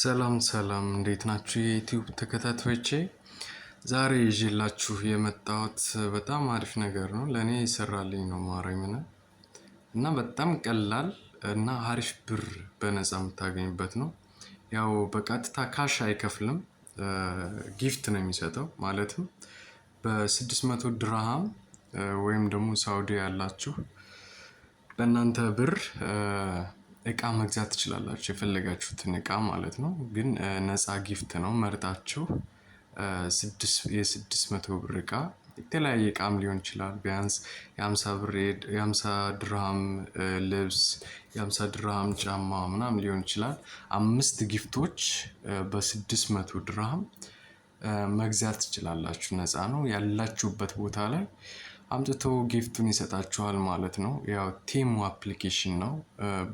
ሰላም ሰላም፣ እንዴት ናችሁ የዩቲዩብ ተከታታዮቼ? ዛሬ ይዤላችሁ የመጣሁት በጣም አሪፍ ነገር ነው። ለእኔ ይሰራልኝ ነው ማርያምን እና በጣም ቀላል እና አሪፍ ብር በነፃ የምታገኝበት ነው። ያው በቀጥታ ካሽ አይከፍልም፣ ጊፍት ነው የሚሰጠው። ማለትም በ600 ድርሃም ወይም ደግሞ ሳውዲ ያላችሁ በእናንተ ብር እቃ መግዛት ትችላላችሁ። የፈለጋችሁትን እቃ ማለት ነው። ግን ነፃ ጊፍት ነው። መርጣችሁ የስድስት መቶ ብር እቃ የተለያየ እቃም ሊሆን ይችላል። ቢያንስ የአምሳ ብር የአምሳ ድርሃም ልብስ፣ የአምሳ ድርሃም ጫማ ምናም ሊሆን ይችላል። አምስት ጊፍቶች በስድስት መቶ ድርሃም መግዛት ትችላላችሁ። ነፃ ነው ያላችሁበት ቦታ ላይ አምጥቶ ጊፍቱን ይሰጣችኋል ማለት ነው። ያው ቲም አፕሊኬሽን ነው።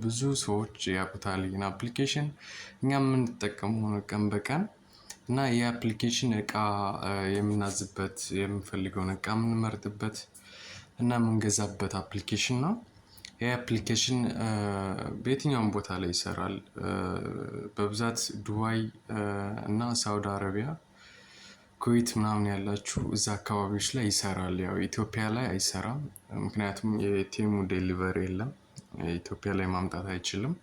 ብዙ ሰዎች ያውቁታል ይህን አፕሊኬሽን። እኛ የምንጠቀመው ቀን በቀን እና ይህ አፕሊኬሽን እቃ የምናዝበት የምንፈልገውን እቃ የምንመርጥበት እና የምንገዛበት አፕሊኬሽን ነው። ይህ አፕሊኬሽን በየትኛውም ቦታ ላይ ይሰራል። በብዛት ዱባይ እና ሳውዲ አረቢያ ኩዌት ምናምን ያላችሁ እዛ አካባቢዎች ላይ ይሰራል። ያው ኢትዮጵያ ላይ አይሰራም፣ ምክንያቱም የቴሙ ዴሊቨሪ የለም። ኢትዮጵያ ላይ ማምጣት አይችልም።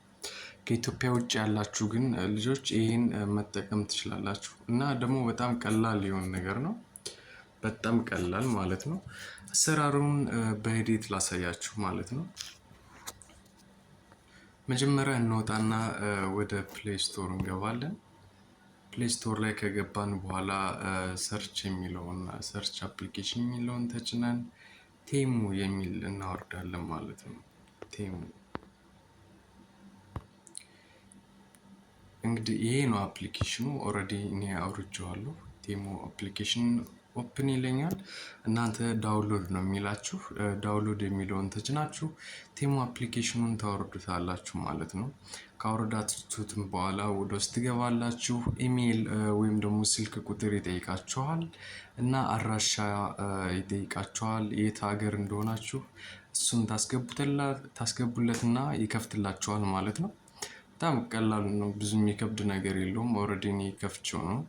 ከኢትዮጵያ ውጭ ያላችሁ ግን ልጆች ይህን መጠቀም ትችላላችሁ እና ደግሞ በጣም ቀላል የሆነ ነገር ነው። በጣም ቀላል ማለት ነው። አሰራሩን በሂደት ላሳያችሁ ማለት ነው። መጀመሪያ እንወጣና ወደ ፕሌይ ስቶር እንገባለን። ፕሌይ ስቶር ላይ ከገባን በኋላ ሰርች የሚለውን ሰርች አፕሊኬሽን የሚለውን ተጭነን ቴሙ የሚል እናወርዳለን ማለት ነው። ቴሙ እንግዲህ ይሄ ነው አፕሊኬሽኑ። ኦልሬዲ እኔ አውርጀዋለሁ። ቴሙ አፕሊኬሽን ኦፕን ይለኛል። እናንተ ዳውንሎድ ነው የሚላችሁ። ዳውንሎድ የሚለውን ተጭናችሁ ቴሙ አፕሊኬሽኑን ታወርዱታላችሁ ማለት ነው። ካወረዳችሁትም በኋላ ወደ ውስጥ ትገባላችሁ። ኢሜይል ወይም ደግሞ ስልክ ቁጥር ይጠይቃችኋል እና አድራሻ ይጠይቃችኋል፣ የት ሀገር እንደሆናችሁ እሱን ታስገቡለትና ይከፍትላችኋል ማለት ነው። በጣም ቀላል ነው። ብዙም የከብድ ነገር የለውም። ኦልሬዲ እኔ ከፍቼው ነው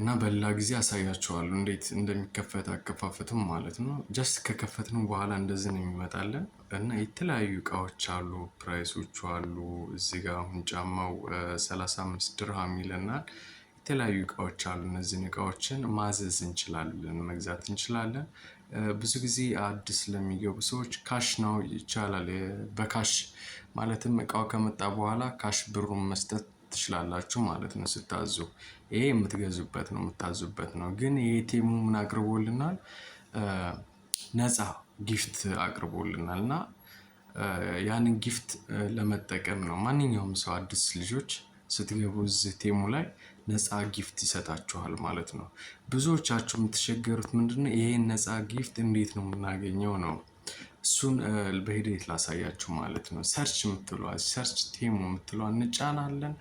እና በሌላ ጊዜ አሳያችኋለሁ እንዴት እንደሚከፈት አከፋፈትም ማለት ነው። ጀስት ከከፈትነው በኋላ እንደዚህ ነው የሚመጣለን እና የተለያዩ እቃዎች አሉ፣ ፕራይሶቹ አሉ። እዚህ ጋር አሁን ጫማው 35 ድርሃም ይለናል። የተለያዩ እቃዎች አሉ። እነዚህን እቃዎችን ማዘዝ እንችላለን፣ መግዛት እንችላለን። ብዙ ጊዜ አዲስ ለሚገቡ ሰዎች ካሽ ነው ይቻላል። በካሽ ማለትም እቃው ከመጣ በኋላ ካሽ ብሩን መስጠት ትችላላችሁ ማለት ነው። ስታዙ ይሄ የምትገዙበት ነው የምታዙበት ነው። ግን የኤቲኤሙ ምን አቅርቦልናል? ነፃ ጊፍት አቅርቦልናል እና ያንን ጊፍት ለመጠቀም ነው። ማንኛውም ሰው አዲስ ልጆች ስትገቡ እዚህ ቴሙ ላይ ነፃ ጊፍት ይሰጣችኋል ማለት ነው። ብዙዎቻችሁ የምትቸገሩት ምንድነው? ይሄን ነፃ ጊፍት እንዴት ነው የምናገኘው ነው እሱን በሂደት ላሳያችሁ ማለት ነው። ሰርች የምትለዋ ሰርች ቴሞ የምትሏ እንጫናለን።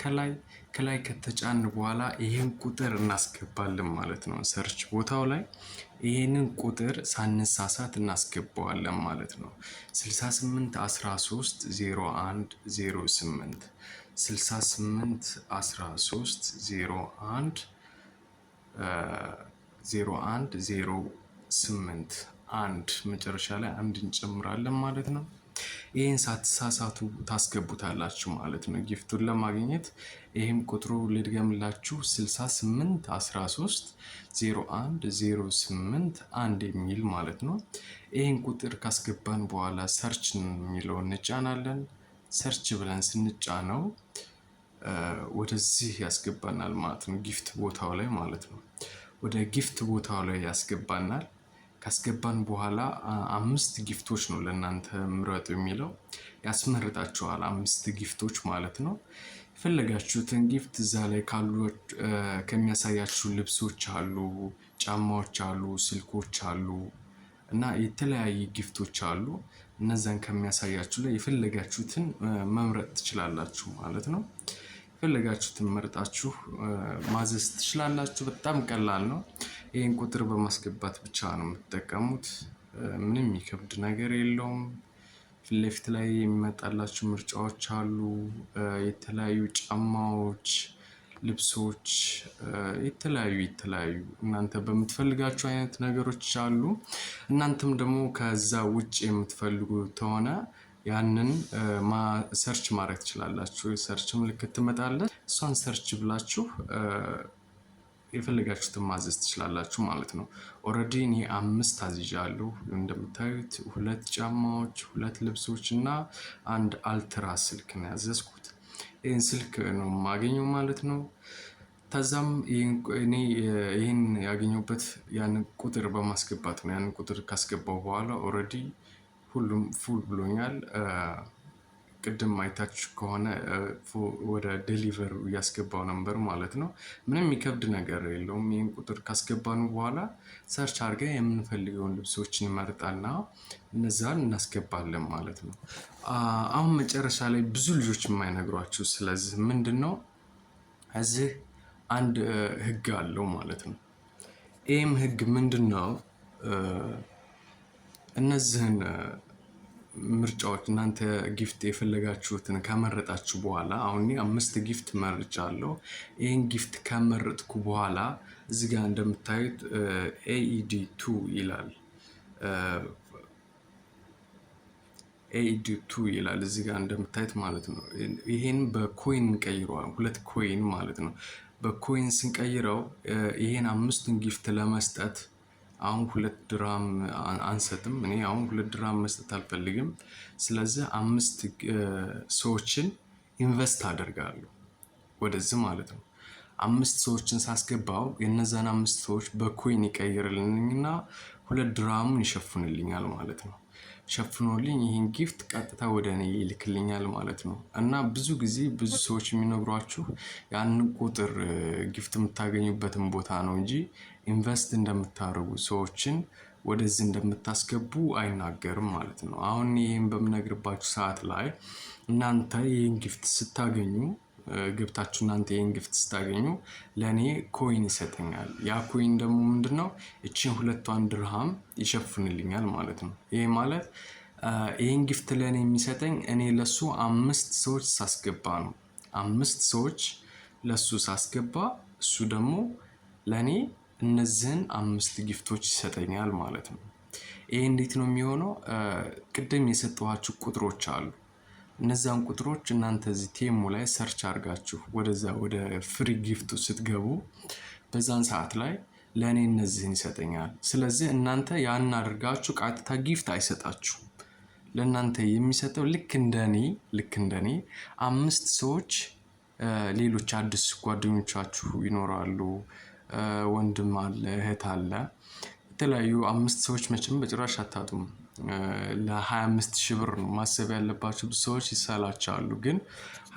ከላይ ከላይ ከተጫን በኋላ ይህን ቁጥር እናስገባለን ማለት ነው። ሰርች ቦታው ላይ ይህንን ቁጥር ሳንሳሳት እናስገባዋለን ማለት ነው። 68 13 01 08 68 13 01 01 08 አንድ መጨረሻ ላይ አንድ እንጨምራለን ማለት ነው። ይህን ሳትሳሳቱ ታስገቡታላችሁ ማለት ነው ጊፍቱን ለማግኘት። ይህም ቁጥሩ ልድገምላችሁ 68 13 08 የሚል ማለት ነው። ይህን ቁጥር ካስገባን በኋላ ሰርች የሚለውን እንጫናለን። ሰርች ብለን ስንጫነው ወደዚህ ያስገባናል ማለት ነው። ጊፍት ቦታው ላይ ማለት ነው። ወደ ጊፍት ቦታው ላይ ያስገባናል። ካስገባን በኋላ አምስት ጊፍቶች ነው ለእናንተ ምረጡ የሚለው ያስመርጣችኋል። አምስት ጊፍቶች ማለት ነው። የፈለጋችሁትን ጊፍት እዛ ላይ ካሉ ከሚያሳያችሁ ልብሶች አሉ፣ ጫማዎች አሉ፣ ስልኮች አሉ እና የተለያየ ጊፍቶች አሉ። እነዛን ከሚያሳያችሁ ላይ የፈለጋችሁትን መምረጥ ትችላላችሁ ማለት ነው። ፈለጋችሁትን መርጣችሁ ማዘዝ ትችላላችሁ። በጣም ቀላል ነው። ይህን ቁጥር በማስገባት ብቻ ነው የምትጠቀሙት። ምንም የሚከብድ ነገር የለውም። ፊት ለፊት ላይ የሚመጣላችሁ ምርጫዎች አሉ። የተለያዩ ጫማዎች፣ ልብሶች፣ የተለያዩ የተለያዩ እናንተ በምትፈልጋችሁ አይነት ነገሮች አሉ። እናንተም ደግሞ ከዛ ውጭ የምትፈልጉ ከሆነ ያንን ሰርች ማድረግ ትችላላችሁ። ሰርች ምልክት ትመጣለች። እሷን ሰርች ብላችሁ የፈለጋችሁትን ማዘዝ ትችላላችሁ ማለት ነው። ኦልሬዲ እኔ አምስት አዝዣለሁ። እንደምታዩት ሁለት ጫማዎች፣ ሁለት ልብሶች እና አንድ አልትራ ስልክ ነው ያዘዝኩት። ይህን ስልክ ነው የማገኘው ማለት ነው። ከዛም እኔ ይህን ያገኘሁበት ያንን ቁጥር በማስገባት ነው። ያንን ቁጥር ካስገባው በኋላ ኦልሬዲ ሁሉም ፉል ብሎኛል። ቅድም አይታች ከሆነ ወደ ዴሊቨር እያስገባው ነበር ማለት ነው። ምንም የሚከብድ ነገር የለውም። ይህን ቁጥር ካስገባን በኋላ ሰርች አድርጋ የምንፈልገውን ልብሶችን እንመርጣና እነዛን እናስገባለን ማለት ነው። አሁን መጨረሻ ላይ ብዙ ልጆች የማይነግሯችሁ ስለዚህ ምንድን ነው እዚህ አንድ ህግ አለው ማለት ነው። ይህም ህግ ምንድን ነው? እነዚህን ምርጫዎች እናንተ ጊፍት የፈለጋችሁትን ከመረጣችሁ በኋላ አሁን አምስት ጊፍት መርጫለሁ። ይህን ጊፍት ከመረጥኩ በኋላ እዚህ ጋር እንደምታዩት ኤኢዲ ቱ ይላል ኤኢዲ ቱ ይላል እዚህ ጋር እንደምታዩት ማለት ነው። ይሄን በኮይን ቀይረዋል። ሁለት ኮይን ማለት ነው። በኮይን ስንቀይረው ይሄን አምስቱን ጊፍት ለመስጠት አሁን ሁለት ድራም አንሰጥም፣ እኔ አሁን ሁለት ድራም መስጠት አልፈልግም። ስለዚህ አምስት ሰዎችን ኢንቨስት አደርጋለሁ ወደዚህ ማለት ነው። አምስት ሰዎችን ሳስገባው የእነዛን አምስት ሰዎች በኮይን ይቀይርልኝና ሁለት ድራሙን ይሸፍንልኛል ማለት ነው። ሸፍኖልኝ ይህን ጊፍት ቀጥታ ወደ እኔ ይልክልኛል ማለት ነው። እና ብዙ ጊዜ ብዙ ሰዎች የሚነግሯችሁ ያንን ቁጥር ጊፍት የምታገኙበትን ቦታ ነው እንጂ ኢንቨስት እንደምታደርጉ ሰዎችን ወደዚህ እንደምታስገቡ አይናገርም ማለት ነው። አሁን ይህን በምነግርባችሁ ሰዓት ላይ እናንተ ይህን ጊፍት ስታገኙ ገብታችሁ እናንተ ይህን ግፍት ስታገኙ ለእኔ ኮይን ይሰጠኛል። ያ ኮይን ደግሞ ምንድን ነው? እችን ሁለቷን ድርሃም ይሸፍንልኛል ማለት ነው። ይህ ማለት ይህን ግፍት ለእኔ የሚሰጠኝ እኔ ለሱ አምስት ሰዎች ሳስገባ ነው። አምስት ሰዎች ለሱ ሳስገባ እሱ ደግሞ ለእኔ እነዚህን አምስት ግፍቶች ይሰጠኛል ማለት ነው። ይሄ እንዴት ነው የሚሆነው? ቅድም የሰጠኋችሁ ቁጥሮች አሉ። እነዚያን ቁጥሮች እናንተ እዚህ ቴሙ ላይ ሰርች አድርጋችሁ ወደዛ ወደ ፍሪ ጊፍቱ ስትገቡ በዛን ሰዓት ላይ ለእኔ እነዚህን ይሰጠኛል። ስለዚህ እናንተ ያን አድርጋችሁ ቀጥታ ጊፍት አይሰጣችሁ ለእናንተ የሚሰጠው ልክ እንደኔ ልክ እንደኔ አምስት ሰዎች ሌሎች አዲስ ጓደኞቻችሁ ይኖራሉ። ወንድም አለ፣ እህት አለ። የተለያዩ አምስት ሰዎች መቼም በጭራሽ አታጡም። ለ25 ሺህ ብር ነው ማሰብ ያለባቸው። ብዙ ሰዎች ይሰላቻሉ፣ ግን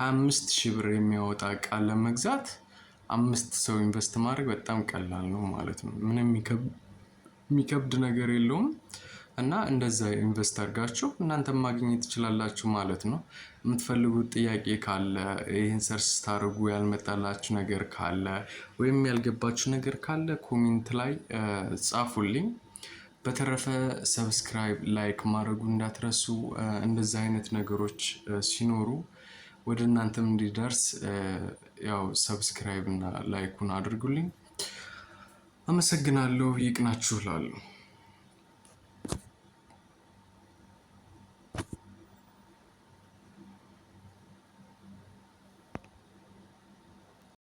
25 ሺህ ብር የሚያወጣ እቃ ለመግዛት አምስት ሰው ኢንቨስት ማድረግ በጣም ቀላል ነው ማለት ነው። ምንም የሚከብድ ነገር የለውም እና እንደዛ ኢንቨስት አድርጋችሁ እናንተም ማግኘት ትችላላችሁ ማለት ነው። የምትፈልጉት ጥያቄ ካለ ይህን ሰርስ ስታደርጉ ያልመጣላችሁ ነገር ካለ ወይም ያልገባችሁ ነገር ካለ ኮሜንት ላይ ጻፉልኝ። በተረፈ ሰብስክራይብ፣ ላይክ ማድረጉ እንዳትረሱ። እንደዛ አይነት ነገሮች ሲኖሩ ወደ እናንተም እንዲደርስ ያው ሰብስክራይብ እና ላይኩን አድርጉልኝ። አመሰግናለሁ። ይቅናችሁ ላለሁ